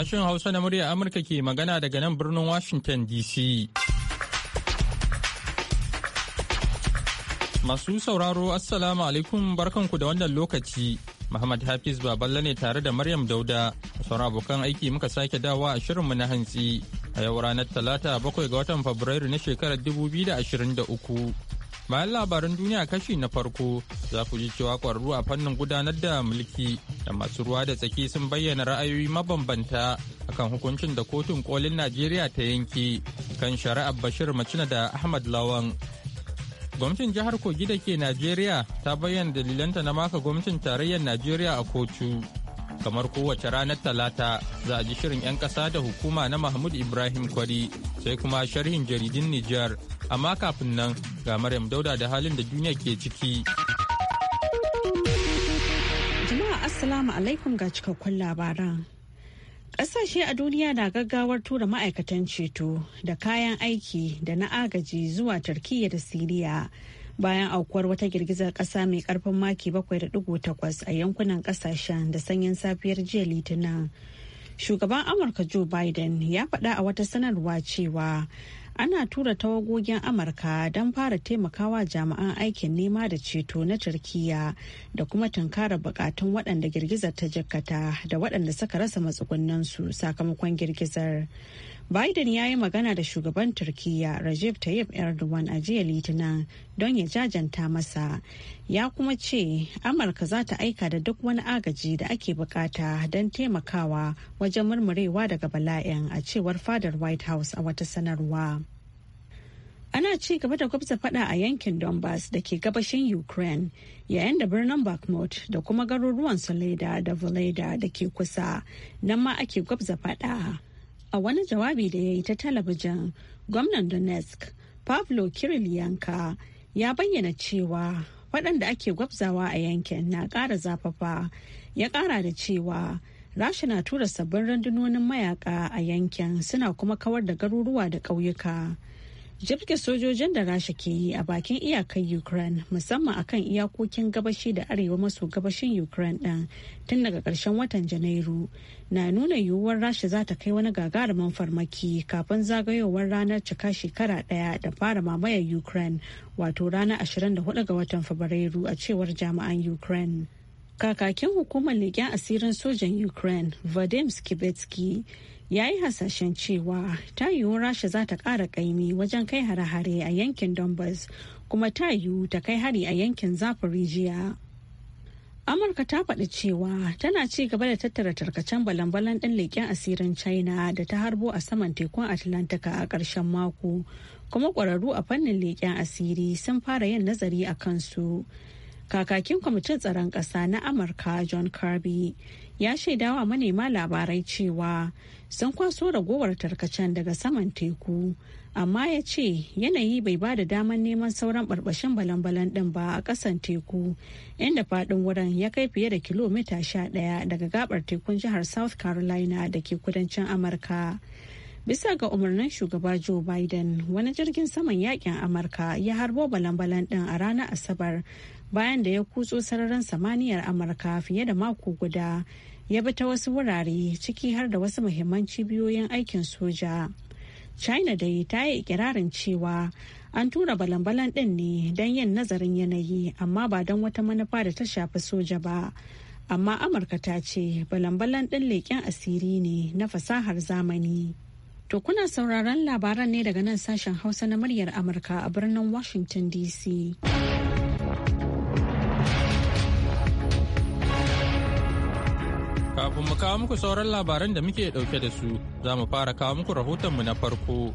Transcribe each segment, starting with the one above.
Sashen Hausa na muryar Amurka ke magana daga nan birnin Washington DC. Masu sauraro Assalamu alaikum barkanku da wannan lokaci. Muhammad Hafiz Baballe ne tare da Maryam Dauda. Sauran abokan aiki muka sake dawa a shirin mu na hantsi. A yau ranar Talata bakwai ga watan Fabrairu na shekarar 2023. Bayan labaran duniya kashi na farko za ku ji cewa ƙwararru a fannin gudanar da mulki da masu ruwa da tsaki sun bayyana ra'ayoyi mabambanta akan hukuncin da kotun kolin Najeriya ta yanke kan shari'ar Bashir Macina da Ahmad Lawan. Gwamnatin jihar Kogi da ke Najeriya ta bayyana dalilanta na maka gwamnatin tarayyar Najeriya a kotu. kamar kowace ranar talata za a ji shirin 'yan ƙasa da hukuma na mahmud ibrahim kwari sai kuma sharhin jaridin nijar amma kafin nan ga maryam dauda da halin da duniya ke ciki jama'a assalamu alaikum ga cikakkun labaran Ƙasashe a duniya na gaggawar tura ma'aikatan ceto da kayan aiki da na agaji zuwa Turkiyya da Siriya bayan aukuwar wata girgizar kasa mai karfin maki 7.8 a yankunan kasashen da sanyin safiyar jiya litinin shugaban amurka joe biden ya faɗa a wata sanarwa cewa ana tura tawagogin amurka don fara taimakawa jami'an aikin nema da ceto na turkiya da kuma tunkara bukatun waɗanda girgizar ta jikkata da waɗanda suka rasa matsugunansu sakamakon girgizar Biden ya yi magana da shugaban Turkiyya Recep Tayyip Erdogan a jiya Litinin don ya jajanta masa. Ya kuma ce Amurka za ta aika da duk wani agaji da ake bukata don taimakawa wajen murmurewa daga bala'in a cewar fadar White House a wata sanarwa. Ana ci gaba da gwabza fada a yankin Donbass da ke gabashin Ukraine yayin da birnin Bakhmut da kuma garuruwan Soleda da Voleda da ke kusa nan ma ake gwabza fada. a wani jawabi da ya yi ta talabijin gwamnan donetsk pavlo kirilyanka ya bayyana cewa waɗanda ake gwabzawa a yankin na ƙara zafafa ya ƙara da cewa rasha na tura sabbin rundunonin mayaka a yankin suna kuma kawar da garuruwa da ƙauyuka jirgin sojojin da rasha ke yi a bakin iyakar ukraine musamman akan iyakokin gabashi da arewa maso gabashin ukraine ɗin tun daga karshen watan janairu na nuna yiwuwar rasha za ta kai wani gagarumin farmaki kafin zagayowar ranar cika shekara daya da fara mamayar ukraine wato ranar 24 ga watan fabrairu a cewar jami'an ukraine kakakin hukumar leƙen asirin sojan ukraine vadim skibetsky ya yi hasashen cewa ta yiwu rasha za ta ƙara ƙaimi wajen kai hare-hare a yankin donbass kuma ta yiwu ta kai hari a yankin zaporijiya amurka ta faɗi cewa tana ci gaba da tattara tarkacen balan-balan ɗin leƙen asirin china da ta harbo a saman tekun atlantika a ƙarshen mako kuma ƙwararru a fannin leƙen asiri sun fara yin nazari a kansu. kakakin kwamitin tsaron ƙasa na amurka john kirby ya shaidawa manema labarai cewa sun kwaso ragowar tarkacen daga saman teku amma ya ce yanayi bai ba da daman neman sauran barbashin balan-balan din ba a ƙasan teku inda faɗin wurin ya kai fiye da kilomita sha ɗaya daga gabar tekun jihar south carolina da ke kudancin amurka bisa ga umarnin shugaba joe biden wani jirgin saman yakin amurka ya harbo balan-balan din a ranar asabar bayan da ya kutso sararin samaniyar amurka fiye da mako guda ya bi ta wasu wurare ciki har da wasu muhimman cibiyoyin aikin soja china dai ta yi ikirarin cewa an tura balan-balan din ne don yin nazarin yanayi amma ba don wata manufa da ta shafi soja ba amma amurka ta ce balan-balan din leƙen asiri ne na fasahar zamani. To kuna sauraron labaran ne daga nan sashen Hausa na muryar Amurka a birnin Washington DC. Kafin mu kawo muku sauran labaran da muke dauke da su, za mu fara kawo muku rahotonmu na farko.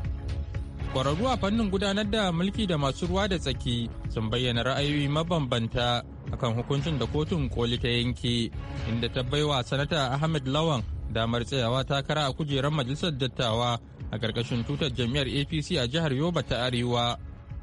Kwararru a fannin gudanar da mulki da masu ruwa da tsaki sun bayyana ra'ayoyi mabambanta akan hukuncin da kotun koli ta yanke, inda ta baiwa sanata Ahmed Lawan damar tsayawa takara a kujerar majalisar dattawa a ƙarƙashin tutar jami'ar apc a jihar yoba ta arewa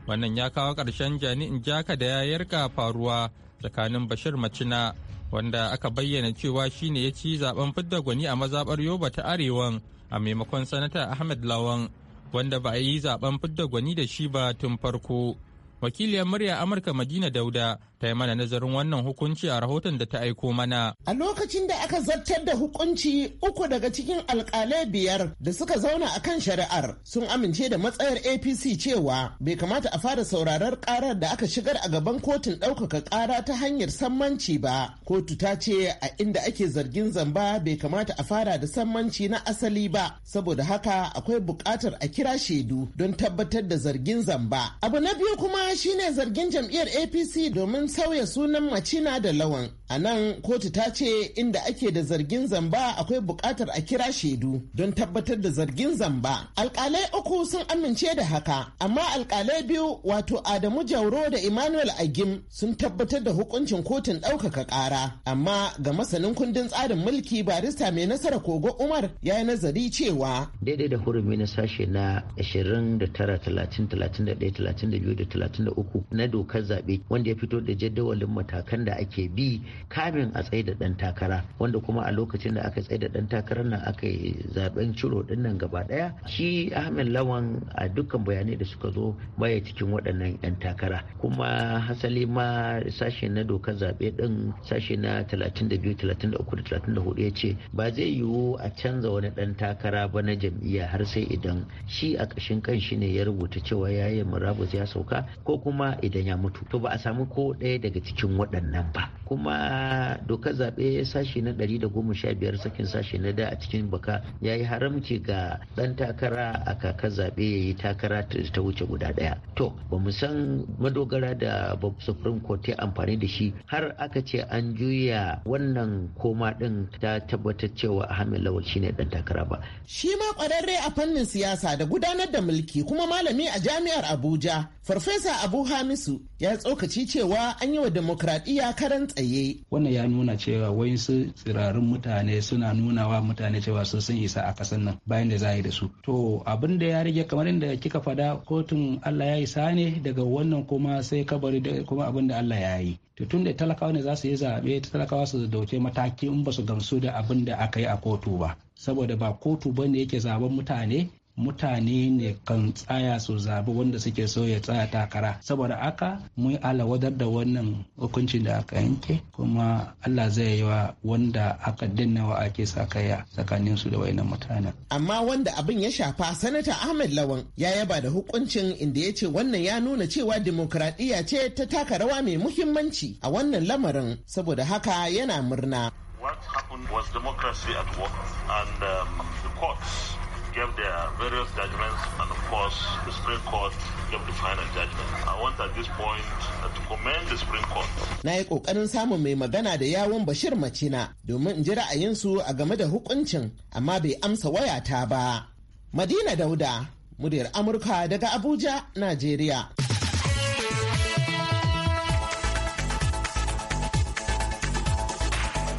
wannan ya kawo ƙarshen jani'in jaka da ya yarka faruwa tsakanin bashir macina wanda aka bayyana cewa shine ya ci zaben fidda gwani a mazaɓar yoba ta arewan a maimakon sanata ahmed lawan wanda ba a yi zaben fidda gwani da shi ba tun farko wakiliyar murya amurka madina dauda ta yi mana nazarin wannan hukunci a rahoton da ta aiko mana a lokacin da aka zartar da hukunci uku daga cikin alkalai biyar da suka zauna a kan shari'ar sun amince da matsayar apc cewa bai kamata a fara saurarar karar da aka shigar a gaban kotun ɗaukaka kara ta hanyar sammanci ba kotu ta ce a inda ake zargin zamba bai kamata a fara da sammanci na asali ba saboda haka akwai buƙatar a kira shaidu don tabbatar da zargin zamba abu na biyu kuma shine zargin jam'iyyar apc domin sauya sunan macina da lawan a nan kotu ta ce inda ake da zargin zamba akwai bukatar a kira shaidu don tabbatar da zargin zamba alƙalai uku sun amince da haka amma alƙalai biyu wato adamu jauro da emmanuel agim sun tabbatar da hukuncin kotun ɗaukaka ƙara amma ga masanin kundin tsarin mulki barista mai nasara kogo umar ya yi nazari cewa daidai da hurumi na sashe na 29 31 32 33 na dokar zaɓe wanda ya fito da jadawalin matakan da ake bi kamin a tsaye da ɗan takara wanda kuma a lokacin da aka tsaye da dan takarar nan aka yi zaben ciro din nan gaba ɗaya shi ahmed lawan a dukkan bayanai da suka zo baya cikin waɗannan 'yan takara kuma hasali ma sashe na dokar zaɓe ɗin sashe na 32 33 34 ya ce ba zai yiwu a canza wani ɗan takara ba na jam'iyya har sai idan shi a ƙashin kan shi ne ya rubuta cewa ya yi murabus ya sauka ko kuma idan ya mutu to ba a samu ko ɗaya daga cikin waɗannan ba kuma a dokar zaɓe sashi na ɗari da goma 115 sakin sashi na da a cikin baka ya yi haramci ga ɗan takara a kakar zaɓe ya yi takara ta wuce guda ɗaya to ba mu san madogara da supreme court ya amfani da shi har aka ce an juya wannan koma ɗin ta tabbatar cewa ahmed lawal shine ɗan takara ba shi ma ƙwararre a fannin siyasa da gudanar da mulki kuma malami a jami'ar abuja farfesa abu hamisu ya tsokaci cewa an yi wa demokradiyya karan tsaye wannan ya nuna cewa wayansu tsirarin mutane suna nuna wa mutane cewa sun isa a kasan nan bayan da za a yi da su to abin da ya rage kamar inda kika fada kotun allah ya isa ne daga wannan kuma sai kabari da kuma abin da allah ya yi to tun da talakawa ne za su yi zaɓe talakawa su dauke mataki in ba su gamsu da abin da aka yi a kotu ba saboda ba kotu ba ne yake zaben mutane mutane ne kan tsaya su zabi wanda suke so ya tsaya takara saboda aka mun alawadar da wannan hukuncin da aka yanke kuma allah zai yi wa wanda aka danna wa ake sakaya tsakanin su da wayannan mutane. amma wanda abin ya shafa sanata ahmed lawan ya yaba da hukuncin inda ya ce wannan ya nuna cewa dimokuraɗiyya ce ta taka rawa mai muhimmanci a wannan lamarin saboda haka yana murna what happened was democracy at work and um, the courts gave their various judgments, and of course, the Supreme Court gave the final judgment. I want at this point uh, to commend the Supreme Court. Na yi ƙoƙarin samun mai magana da yawon Bashir Macina domin in ji ra'ayinsu a game da hukuncin, amma bai amsa wayata ba. Madina Dauda, muryar Amurka daga Abuja, Najeriya.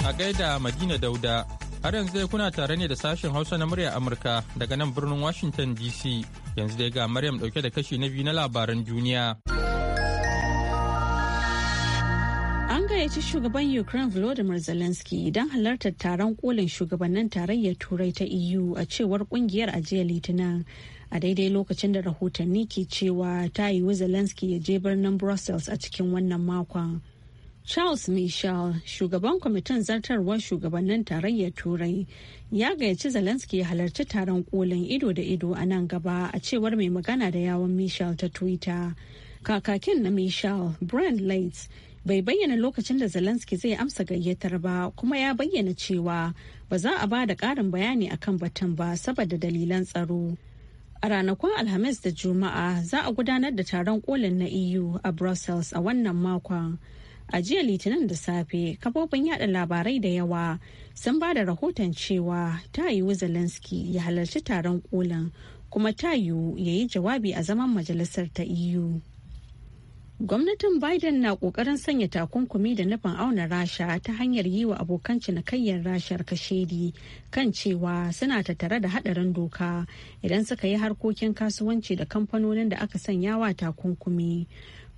A gaida Madina Dauda Har yanzu dai kuna tare ne da sashen Hausa na murya Amurka daga nan birnin Washington DC. Yanzu dai ga Maryam dauke da kashi na biyu na labaran duniya. An gayyaci shugaban Ukraine Volodymyr Zelensky don halartar taron kolin shugabannin tarayyar Turai ta EU a cewar kungiyar ajiyar Litinin. a daidai lokacin da rahotanni ke cewa ta yiwu zelensky ya je birnin brussels a cikin wannan makon Charles Michel, shugaban kwamitin zartarwar shugabannin tarayyar Turai, ya gayyaci Zelensky ya halarci taron kolin ido da ido a nan gaba a cewar mai magana da yawon Michel ta Twitter. Kakakin na Michel, Brand light bai bayyana lokacin da Zelensky zai amsa gayyatar ba kuma ya bayyana cewa ba za a ba da ƙarin bayani akan batun ba saboda dalilan tsaro. A ranakun Alhamis da Juma'a za a gudanar da taron kolin na EU a Brussels a wannan makon. a jiya litinin da safe kafofin yada labarai da yawa sun ba da rahoton cewa ta yiwu zelensky ya halarci taron kolin kuma ta yiwu ya yi jawabi a zaman majalisar ta eu gwamnatin biden na kokarin sanya takunkumi da nufin auna rasha ta hanyar yi wa abokan cinikayyar rashar kashedi kan cewa suna tattare da hadarin doka idan suka yi harkokin kasuwanci da kamfanonin da aka sanya wa takunkumi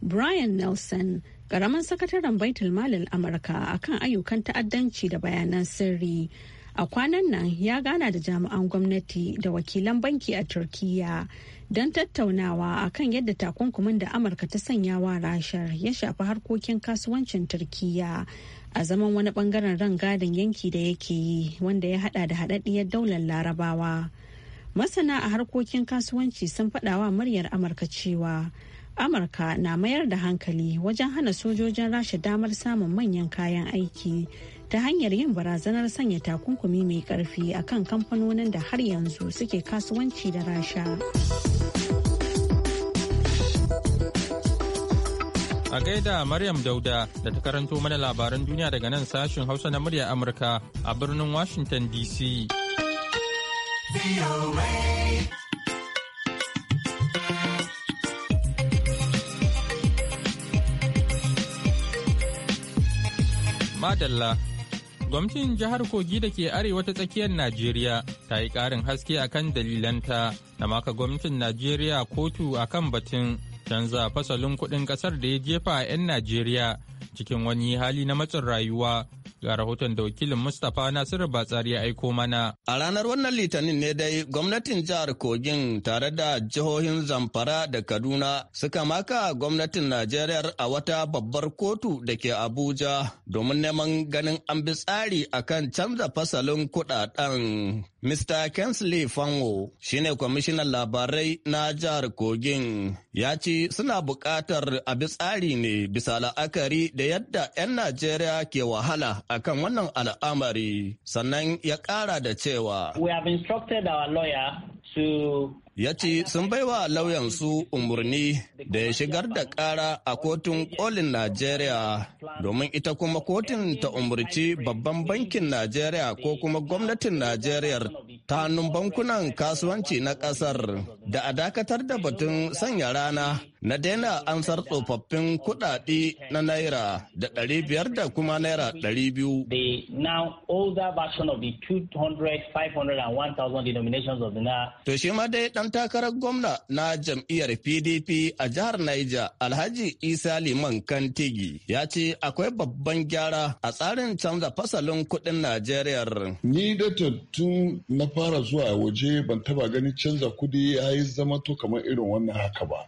Brian Nelson, karamin sakataren baitul malin Amurka akan ayyukan ta'addanci da bayanan sirri. A kwanan nan ya gana da jami'an gwamnati da wakilan banki a Turkiyya don tattaunawa akan yadda takunkumin da Amurka ta sanya wa rashar ya shafi harkokin kasuwancin Turkiyya a zaman wani bangaren rangadin yanki da yake yi wanda ya hada da haɗaɗɗiyar daular larabawa. Masana a harkokin kasuwanci sun faɗawa muryar Amurka cewa. amurka na mayar da hankali wajen hana sojojin rasha damar samun manyan kayan aiki ta hanyar yin barazanar sanya takunkumi mai karfi a kan kamfanonin da har yanzu suke kasuwanci da rasha a gaida maryam dauda da ta karanto mana labaran duniya daga nan sashen hausa na murya amurka a birnin washington dc Madalla. Gwamnatin jihar Kogi da ke arewa ta tsakiyar Najeriya ta yi ƙarin haske a kan dalilanta da maka gwamnatin Najeriya kotu a kan batun canza fasalin kuɗin ƙasar da ya jefa a 'yan Najeriya cikin wani hali na matsin rayuwa Ga rahoton da wakilin Mustapha Nasiru Batsari ya aiko mana. A ranar wannan litinin ne dai gwamnatin jihar Kogin tare da jihohin Zamfara da Kaduna suka maka gwamnatin Najeriya a wata babbar kotu da ke Abuja domin neman ganin an bi tsari akan canza fasalin kuɗaɗen. Mr. Kensley Fanwo shine kwamishinan labarai na jihar Kogin ya ce suna buƙatar bi tsari ne bisa la'akari da yadda 'yan Najeriya ke wahala akan wannan al'amari sannan ya ƙara da cewa. We have instructed our lawyer Ya ce sun baiwa lauyansu umarni da ya shigar da ƙara a kotun kolin Najeriya domin ita kuma kotun ta umarci babban bankin Najeriya ko kuma gwamnatin Najeriya ta hannun bankunan kasuwanci na ƙasar da a dakatar da batun sanya rana na daina ansar tsofaffin kuɗaɗe na naira da ɗari biyar da kuma naira ɗari biyu. The the now older version of and To shi ma dai ɗan takarar gwamna na jam'iyyar PDP a jihar Niger Alhaji Isa Liman Kantigi ya ce akwai babban gyara a tsarin canza fasalin kuɗin Najeriya. Ni da tun na fara zuwa waje ban taba ganin canza kudi ya yi zama to kamar irin wannan haka ba.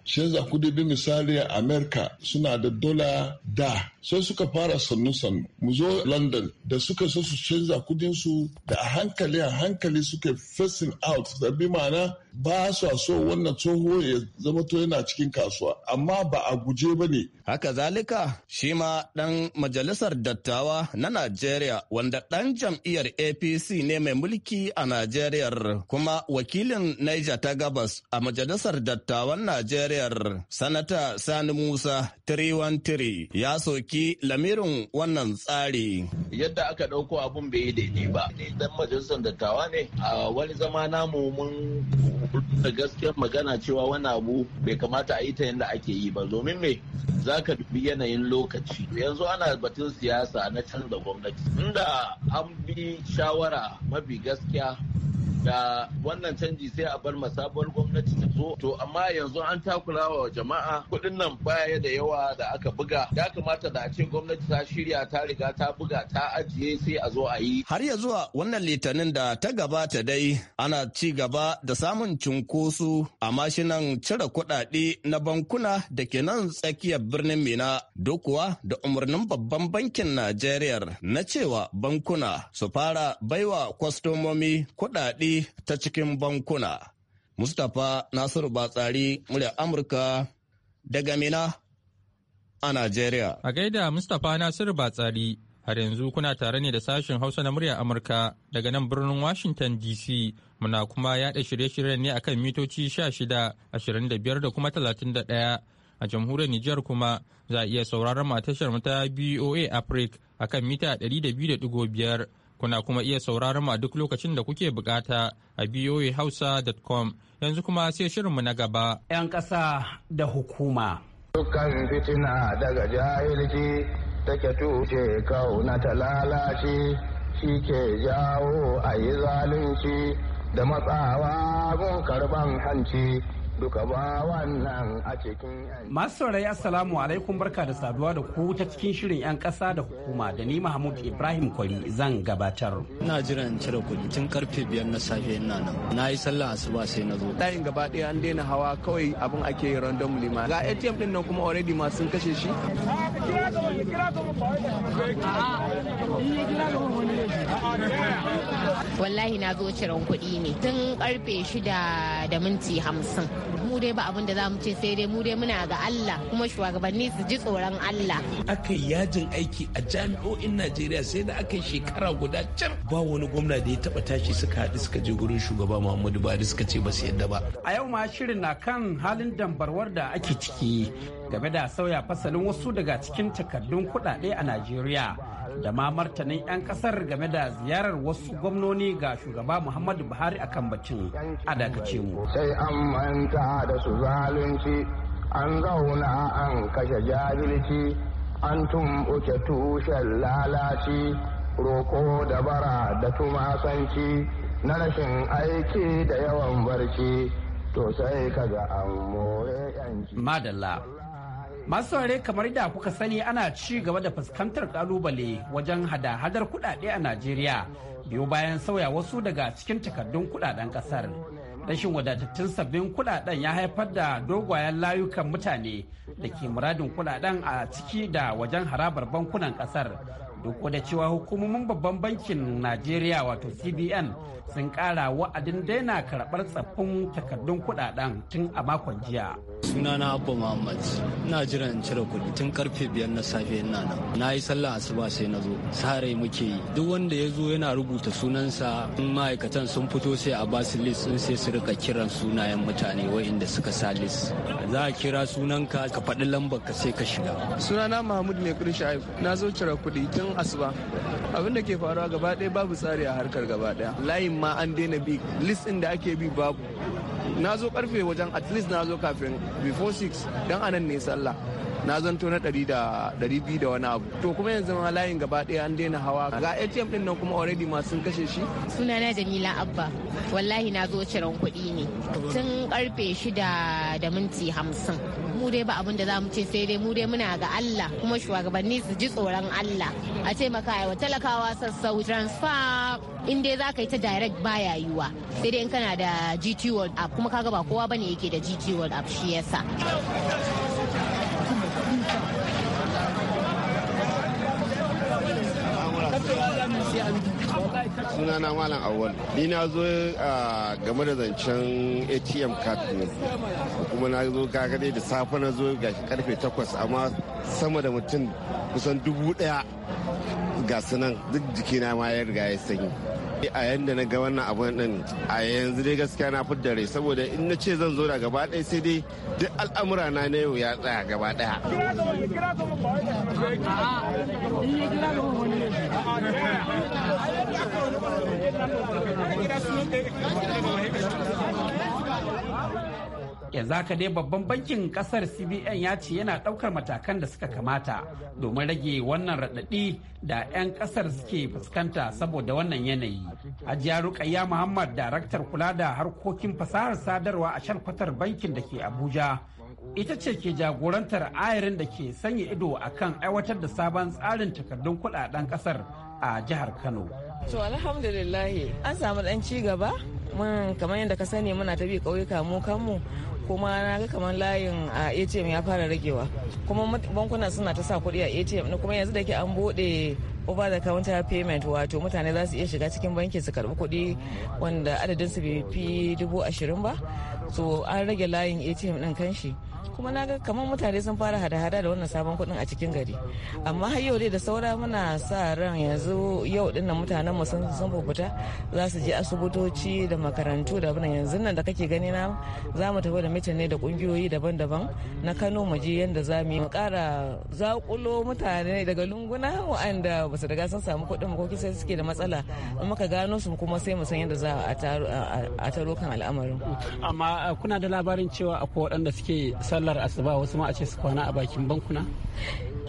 kudi bi misali amerika suna da dola da sai suka fara sannu-sannu mu zo london da suka so su canza kudinsu da a hankali a hankali suka facing out da bi ma'ana ba su so wannan tsoho ya zama to yana cikin kasuwa amma ba a guje ba ne. Haka zalika shi ma dan majalisar dattawa na Najeriya wanda dan jam'iyyar APC ne mai mulki a Najeriya kuma wakilin Niger ta gabas a majalisar dattawan Najeriya sanata Sani Musa 313 ya soki soki lamirin wannan tsari. Yadda aka ɗauko abun bai yi daidai ba. Idan majalisar dattawa ne a wani zama namu mun da gaskiyar magana cewa wani abu bai kamata a yi ta yadda ake yi ba domin me za ka dubi yanayin lokaci yanzu ana batun siyasa na canza gwamnati inda an bi shawara mafi gaskiya da wannan canji sai a bar ma sabuwar gwamnati ta zo to amma yanzu an takula wa jama'a kuɗin nan baya da yawa da aka buga ya kamata da a ce gwamnati ta shirya ta riga ta buga ta ajiye sai a zo a yi har ya zuwa wannan litinin da ta gabata dai ana ci gaba da samun cunkoso a mashinan cire kuɗaɗe na bankuna da ke nan tsakiyar birnin mina dokuwa da umarnin babban bankin najeriya na cewa bankuna su fara baiwa kwastomomi kuɗaɗe ta cikin bankuna. Mustapha Nasiru Batsari murya Amurka daga Mina a Najeriya. A gaida Mustapha Nasiru Batsari har yanzu kuna tare ne da sashen Hausa na murya Amurka daga nan birnin Washington DC muna kuma yada shirye-shiryen ne akan mitoci 16, 25 da kuma 31. a jamhuriyar Nijar kuma za a iya sauraron mu mata ta BOA Africa akan mita Kuna kuma iya sauraron mu a duk lokacin da kuke bukata a voahausa.com yanzu kuma sai shirinmu na gaba. 'Yan ƙasa da hukuma. Dukkan fitina daga jahilci take tushe na ta lalace shi ke jawo a yi zalunci da matsawa gun karban hanci. duka ba wannan a cikin masu saurayi assalamu alaikum barka da saduwa da ku ta cikin shirin 'yan kasa da hukuma da ni mahmud ibrahim kwari zan gabatar ina jiran cire kuɗi tun karfe biyar na safe ina nan na yi sallah asuba sai na zo layin gaba ɗaya an daina hawa kawai abin ake yi random lima ga atm din nan kuma already ma sun kashe shi wallahi na zo ciran kuɗi ne tun karfe shida da minti hamsin dai ba abin da za mu ce sai dai mu dai muna ga Allah kuma shugabanni su ji tsoron Allah. Aka yi yajin aiki a jami'o'in Najeriya sai da aka shekara guda can ba wani gwamna da ya taba tashi suka haɗu suka je gurin shugaba Muhammadu Buhari suka ce ba su yadda ba. A yau ma shirin na kan halin dambarwar da ake ciki game da sauya fasalin wasu daga cikin takardun kuɗaɗe a Najeriya. da ma martanin 'yan kasar game da ziyarar wasu gwamnoni ga shugaba muhammadu buhari akan bacin a dakace mu sai an manta da su zalunci an zauna an kashe jahilci an tumɓuke tushen lalaci roko da bara da tumasanci na rashin aiki da yawan barci to sai kaga an more yanci madalla Masu saurare kamar da kuka sani ana ci gaba da fuskantar kalubale wajen hada-hadar kudade a Najeriya biyu bayan sauya wasu daga cikin takardun kudaden kasar. Rashin wadatattun sabbin kudaden ya haifar da dogwayen layukan mutane da ke muradin kudaden a ciki da wajen harabar bankunan kasar. Duk da cewa hukumomin babban bankin Najeriya wato CBN sun kara wa'adin daina karɓar tsaffin takardun kuɗaɗen tun a makon jiya. Sunana abu Muhammad, na jiran cire kuɗi tun karfe biyar na safe ina nan. Na yi sallah asuba sai na zo, sare muke yi. Duk wanda ya zo yana rubuta sunansa, in ma'aikatan sun fito sai a ba su list sai su rika kiran sunayen mutane wa'inda suka sa list. Za a kira sunanka ka faɗi lambar ka sai ka shiga. Sunana Mahmud Mai Kudin na zo cire kuɗi tun asuba. Abin da ke faruwa gaba ɗaya babu tsari a harkar gaba ɗaya. Layin ma an daina bi list din da ake bi babu na zo karfe wajen at least na zo kafin before 6 dan anan ne sallah na zanto na ɗari da wani abu to kuma yanzu ma layin gaba ɗaya an daina hawa ga atm ɗin nan kuma already ma sun kashe shi suna na jamila abba wallahi na zo ciran kuɗi ne tun karfe shida da minti hamsin mu dai ba abin da za mu ce sai dai mu dai muna ga Allah kuma shugabanni su ji tsoron Allah a ce maka wa talakawa sassau transfer in dai za ka yi ta direct baya yiwa sai dai in kana da GT World app kuma kaga ba kowa bane yake da GT World app shi yasa suna na malam awal ni na zo game da zancen atm card ne kuma na zo kaga da safe na zo ga karfe 8 amma sama da mutum kusan dubu daya ga sunan duk jikina ma ya riga ya sanyi a yanda na ga wannan abun din a yanzu dai gaskiya na fidda rai saboda in na ce zan zo da gaba ɗaya sai dai duk al'amura na na yau ya tsaya gaba ɗaya. yanzu haka dai babban bankin kasar cbn ya ce yana daukar matakan da suka kamata domin rage wannan raɗaɗi da 'yan kasar suke fuskanta saboda wannan yanayi hajiya rukayya muhammad daraktar kula da harkokin fasahar sadarwa a sharkwatar bankin da ke abuja ita ce ke jagorantar ayarin da ke sanya ido akan aiwatar da sabon tsarin takardun kudaden kasar a jihar kano to alhamdulillah an samu dan ci gaba mun kamar yadda ka sani muna ta bi ƙauyuka mu kanmu kuma na ga kamar layin a atm ya fara ragewa kuma bankuna suna ta sa kuɗi a atm kuma yanzu da ke an buɗe over the counter payment wato mutane za su iya shiga cikin banki su karbi kuɗi wanda adadin su bai fi dubu ashirin ba so an rage layin atm din kanshi kuma na ga kamar mutane sun fara hada-hada da wannan sabon kuɗin a cikin gari amma har yau dai da saura muna sa ran yanzu yau dinnan mutanen mu sun sun fita za su je asibitoci da makarantu da abin yanzu nan da kake gani na za mu tafi da mitin ne da kungiyoyi daban-daban na Kano mu je yanda za mu yi mu ƙara mutane daga lunguna waɗanda ba su riga sun samu kuɗin ko kisa suke da matsala in muka gano su kuma sai mu san yadda za a taro kan al'amarin amma kuna da labarin cewa akwai waɗanda suke sallar asuba wasu ma a ce su kwana a bakin bankuna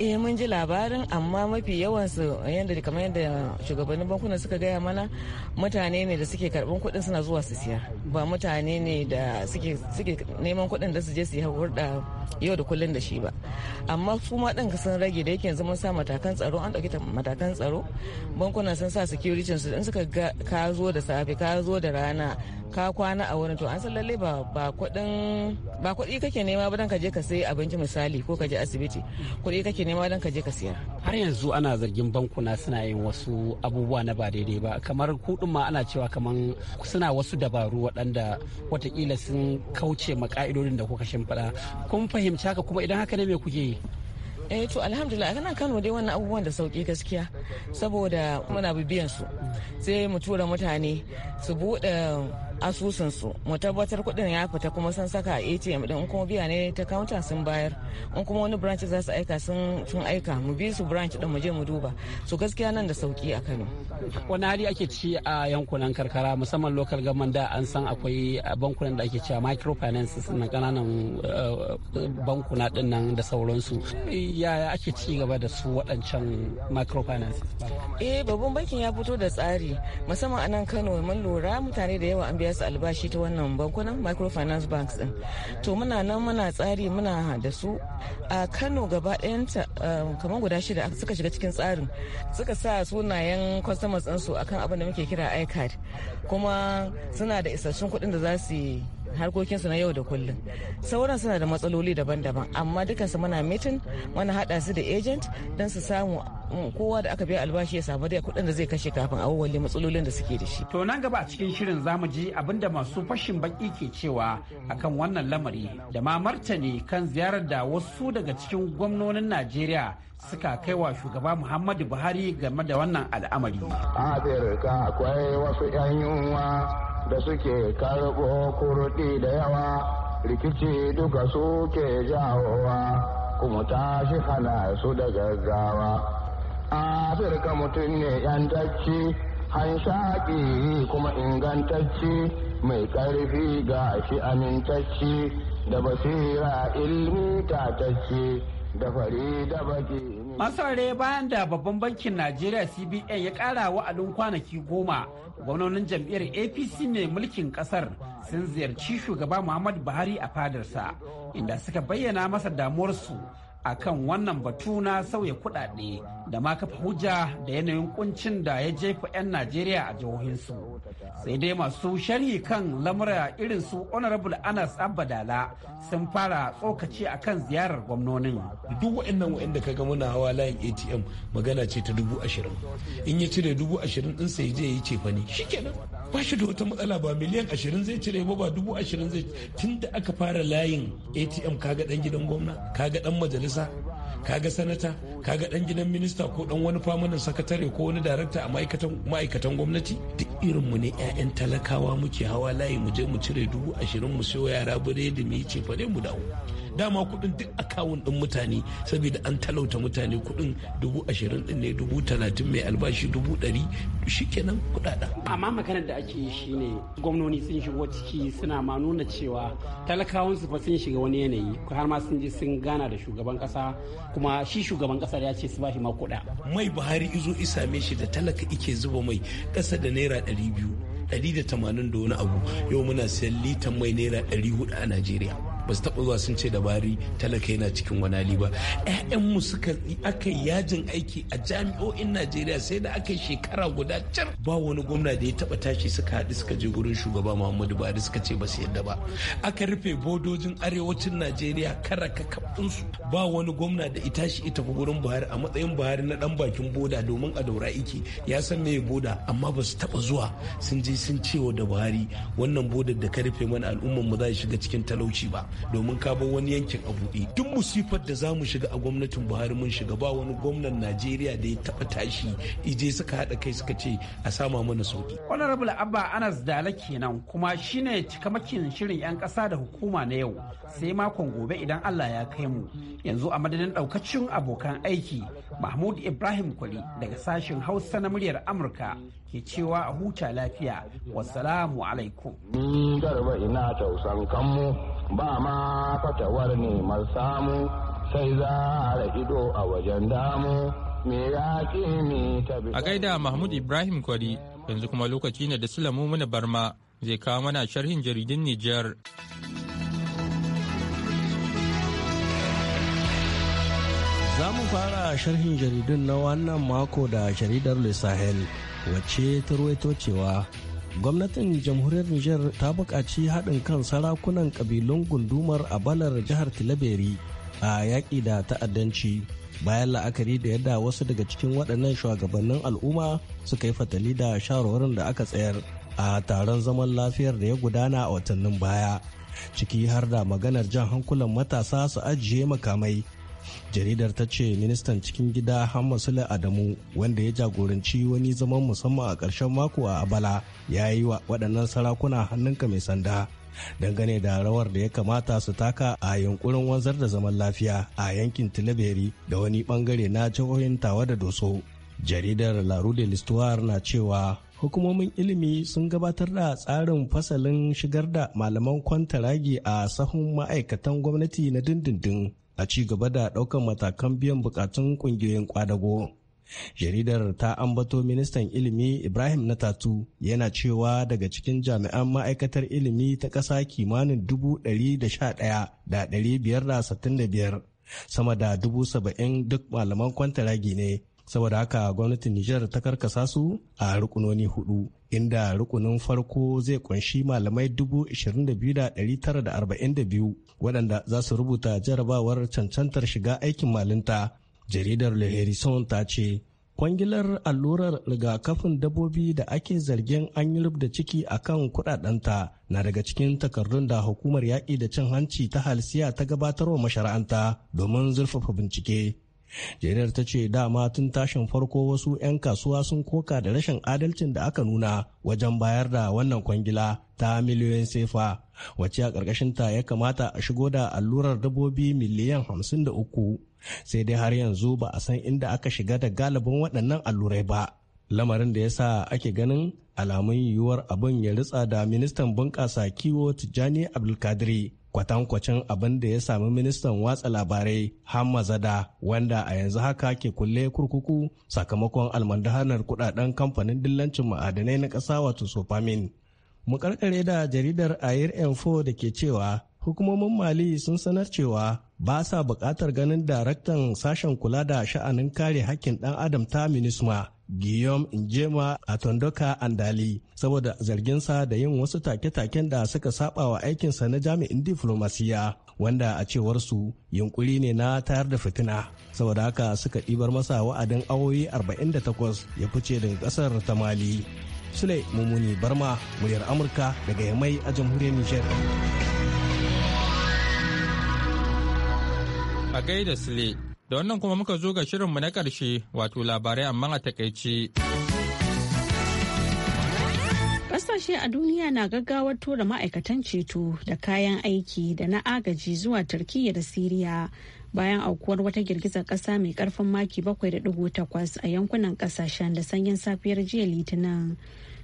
eh mun ji labarin amma mafi yawansu yadda kamar yadda shugabannin bankuna suka gaya mana mutane ne da suke karban kuɗin suna zuwa su siya ba mutane ne da suke neman kuɗin da su je su yi hurɗa yau da kullun da shi ba amma su ma ɗin sun rage da yake yanzu mun sa matakan tsaro an ɗauki matakan tsaro bankuna sun sa security su in suka ka zo da safe ka zo da rana ka kwana a wurin to an san lalle ba ba kuɗin ba kuɗi kake nema ba dan ka je ka sayi abinci misali ko ka je asibiti kuɗi kake nema dan ka je ka siya har yanzu ana zargin bankuna suna yin wasu abubuwa na ba daidai ba kamar kuɗin ma ana cewa kamar suna wasu dabaru waɗanda watakila sun kauce ma ka'idodin da kuka shimfiɗa kun fahimci haka kuma idan haka ne me kuke yi eh to alhamdulillah kana kano dai wannan abubuwan da sauki gaskiya saboda muna bibiyan su sai mu tura mutane su buɗe asusun su mu tabbatar kuɗin ya fita kuma sun saka a atm din kuma biya ne ta counter sun bayar in kuma wani branch za su aika sun aika mu bi su branch din mu je mu duba su gaskiya nan da sauki a kano wani hali ake ci a yankunan karkara musamman local government da an san akwai bankunan da ake cewa microfinance na kananan eh, bankuna din nan da sauransu yaya ake ci gaba da su wadancan microfinance eh babban bankin ya fito da tsari musamman a nan kano mun lura mutane da yawa an biya albashi ta wannan bankunan microfinance banks din to muna nan muna tsari muna da su a kano gaba ɗayanta um, kamar guda shida suka shiga cikin tsarin suka sa sunayen customers su akan abin da muke kira icard kuma suna da isassun kuɗin da za su yi harkokin su na yau da kullum sauran suna da matsaloli daban-daban amma dukansu muna mitin muna hada su da agent don su samu mm, kowa da aka biya albashi ya samu da kuɗin da zai kashe kafin a matsalolin da suke da shi. To nan gaba a cikin shirin zamu ji abinda masu fashin baki ke cewa akan wannan lamari da ma martani kan ziyarar da wasu daga cikin gwamnonin Najeriya suka kai wa shugaba Muhammadu Buhari game da wannan al'amari. Afirka akwai wasu 'yan yunwa da suke karɓo kurɗi da yawa rikici duka suke jawowa kuma shi hana su da gaggawa afirka mutum ne yantacci hanshaƙi kuma ingantacci mai ƙarfi ga shi amintacci da basira ilmi tatacci da fari da baki Masarare bayan da babban bankin Najeriya CBN ya kara wa'adin kwanaki goma gwamnonin jam'iyyar APC mai mulkin kasar sun ziyarci shugaba Muhammadu Buhari a fadarsa inda suka bayyana masa damuwarsu a kan wannan batu na sauya kuɗaɗe da ma kafa hujja da yanayin kuncin da ya jefa 'yan Najeriya a jihohinsu. Sai dai masu sharhi kan lamura irin su Honorable Anas Abadala sun fara tsokaci a kan ziyarar gwamnonin. Duk waɗannan waɗanda ka ga muna hawa layin ATM magana ce ta dubu ashirin. In ya cire dubu ashirin din sai je yi cefani. Shi kenan ba shi da wata matsala ba miliyan ashirin zai cire ba ba dubu ashirin zai tun da aka fara layin ATM kaga dan gidan gwamna kaga dan majalisa kaga sanata kaga dan gidan minista ko dan wani famanin sakatare ko wani darakta a ma'aikatan gwamnati duk irin mu ne 'ya'yan talakawa muke hawa layi mu je mu cire dubu ashirin mu siyo yara biredi mu yi cefane mu dawo dama kuɗin duk akawun ɗin mutane saboda an talauta mutane kuɗin dubu ashirin ɗin ne dubu talatin mai albashi dubu ɗari shikenan kuɗaɗen. amma maganar da ake yi shi ne gwamnoni sun shigo ciki suna ma nuna cewa talakawan su fa sun shiga wani yanayi har ma sun je sun gana da shugaban kasa kuma shi shugaban kasa ya ce su bashi shi ma kuɗa. mai buhari izo isame shi da talaka ike zuba mai kasa da naira ɗari biyu ɗari da tamanin da wani abu yau muna siyan litan mai naira ɗari hudu a najeriya. ba su taɓa zuwa sun ce dabari talaka yana cikin wani hali ba mu suka aka yajin aiki a jami'o'in najeriya sai da aka shekara guda can ba wani gwamna da ya taɓa tashi suka haɗu suka je gurin shugaba muhammadu buhari suka ce ba su yadda ba aka rufe bodojin arewacin najeriya kara kakkaɓinsu ba wani gwamna da ita shi ita fi gurin buhari a matsayin buhari na ɗan bakin boda domin a daura iki ya san me boda amma ba su taɓa zuwa sun je sun cewa da buhari wannan bodar da ka rufe mana al'ummar mu za shiga cikin talauci ba domin ka wani yankin a buɗe duk musifar da za mu shiga a gwamnatin buhari mun shiga ba wani gwamnan najeriya da ya taɓa tashi ije suka haɗa kai suka ce a sama mana sauki honorable abba anas dala kenan kuma shine cika cikamakin shirin 'yan ƙasa da hukuma na yau sai makon gobe idan allah ya kai mu yanzu a madadin ɗaukacin abokan aiki mahmud ibrahim kwali daga sashen hausa na muryar amurka ke cewa a huta lafiya wasalamu alaikum ni ina tausan kanmu ba ma fatawar neman samu sai za a ido a wajen damu me ya ne ta A gaida Mahmud Ibrahim Kwari yanzu kuma lokaci ne da Sulamu mana barma zai kawo mana sharhin jaridin Nijar. Za mu fara sharhin jaridun na wannan mako da jaridar lissahel wacce ta ruwaito cewa gwamnatin jamhuriyar Niger ta buƙaci haɗin kan sarakunan ƙabilun gundumar a balar jihar Tilaberi a yaƙi da ta'addanci bayan la'akari da yadda wasu daga cikin waɗannan shugabannin al'umma suka yi fatali da shawarwarin da aka tsayar a taron zaman lafiyar da ya gudana a watannin baya ciki har da maganar jan hankulan matasa su ajiye makamai jaridar ta ce ministan cikin gida hammasula adamu wanda ya jagoranci wani zaman musamman a ƙarshen mako a abala ya yi wa waɗannan sarakuna hannunka mai sanda dangane da rawar da ya kamata su taka a yunkurin wanzar da zaman lafiya a yankin tilaberi da wani ɓangare na jihohin tawa da doso jaridar laru de l'histoire na cewa hukumomin ilimi sun gabatar da tsarin fasalin shigar da malaman kwantaragi a sahun ma'aikatan gwamnati na dindindin a ci gaba da ɗaukar matakan biyan bukatun ƙungiyoyin kwadago. jaridar ta ambato ministan ilimi ibrahim natatu yana cewa daga cikin jami'an ma'aikatar ilimi ta ƙasa kimanin 111,565 sama da 70,000 duk malaman kwantaragi ne saboda haka gwamnatin Nijar ta karkasa su a rukunoni hudu inda rukunin farko zai kunshi malamai 22,942 waɗanda za su rubuta jarabawar cancantar shiga aikin malinta jaridar le harrison ta ce kwangilar allurar rigakafin dabbobi da ake zargin an yi rubda ciki a kan kudadanta na daga cikin takardun da hukumar yaƙi da cin hanci ta halsiya ta gabatarwa mashara'anta domin zurfafa bincike jaridar ta ce dama tun tashin farko wasu 'yan kasuwa sun koka da rashin adalcin da aka nuna wajen bayar da wannan kwangila ta miliyoyin sefa wacce a ta ya kamata a shigo da allurar dabbobi miliyan hamsin da uku sai dai har yanzu ba a san inda aka shiga da galibin waɗannan allurai ba lamarin da ya sa ake ganin alamun yiwuwar abin ya ritsa da ministan bunƙasa kiwo tijjani abdulkadiri kwatankwacin abin da ya sami ministan watsa labarai hamma zada wanda a yanzu haka ke kulle kurkuku sakamakon almandahanar kudaden kamfanin dillancin ma'adanai na ƙasa wato sofamin mu karkare da jaridar air info da ke cewa hukumomin mali sun sanar cewa ba sa buƙatar ganin daraktan sashen kula da sha'anin kare hakkin ɗan adam ta minisma Guillaume Njema a Tondoka Andali saboda zarginsa da yin wasu take-taken da suka saba wa aikinsa na jami'in diflomasiya wanda a cewarsu yunkuri ne na tayar da fitina saboda haka suka ɗibar masa wa'adin awoyi 48 ya fice daga ƙasar ta Mali. Sule Mumuni Barma muryar Amurka daga Yamai a jamhuriyar Nijar. A gaida Sule Da wannan kuma muka zo ga shirinmu na ƙarshe wato labarai amma a takaice. Ƙasashe a duniya na gaggawar tura ma'aikatan ceto da kayan aiki da na agaji zuwa Turkiyya da Siriya bayan aukuwar wata girgizar kasa mai karfin maki 7.8 a yankunan kasashen da sanyin safiyar jiya litinin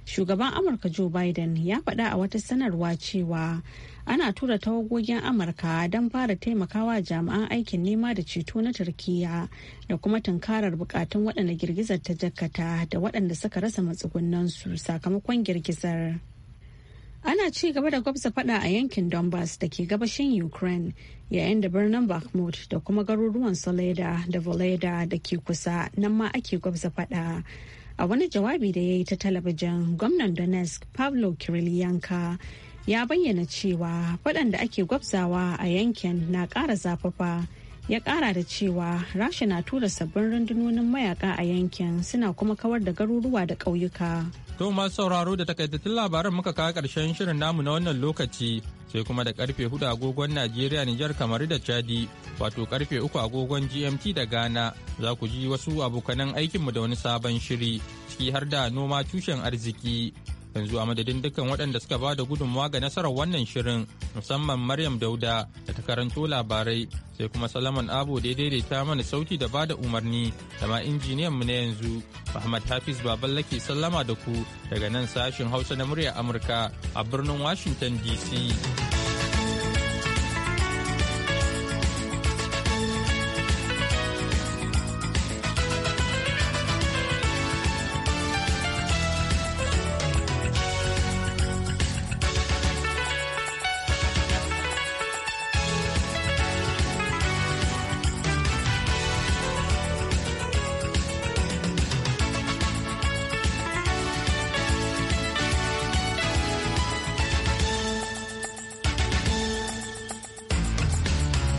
shugaban amurka joe biden ya faɗa a wata sanarwa cewa ana tura tawagogin amurka don fara taimakawa jami'an aikin nema da ceto na turkiya da kuma tunkarar bukatun waɗanda girgizar ta jakkata da waɗanda suka rasa matsugunansu sakamakon girgizar ana ci gaba da gwabza fada a yankin donbass da ke gabashin ukraine yayin da birnin bakhmut da kuma garuruwan soleda da voleda da ke kusa nan ma ake gwabza fada a wani jawabi da ya yi ta talabijin gwamnan donetsk pavlo kirilyanka ya bayyana cewa fadan da ake gwabzawa a yankin na kara zafafa ya kara da cewa rasha na tura sabbin rundunonin mayaka a yankin suna kuma kawar da garuruwa da ƙauyuka. To masu sauraro da takaitattun labaran muka kawo ƙarshen shirin namu na wannan lokaci sai kuma da karfe hudu agogon Najeriya Nijar kamar da Chadi wato karfe uku agogon GMT da Ghana za ku ji wasu abokanan aikinmu da wani sabon shiri ciki har da noma tushen arziki. yanzu a madadin dukkan waɗanda suka ba da gudunmawa ga nasarar wannan shirin musamman maryam dauda da ta karanto labarai sai kuma salaman abu da ya daidaita mana sauti da ba da umarni da ma injiniyanmu na yanzu muhammad hafiz lake sallama da ku daga nan sashin hausa na murya amurka a birnin washington dc